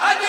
Amen.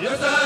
Yes sir.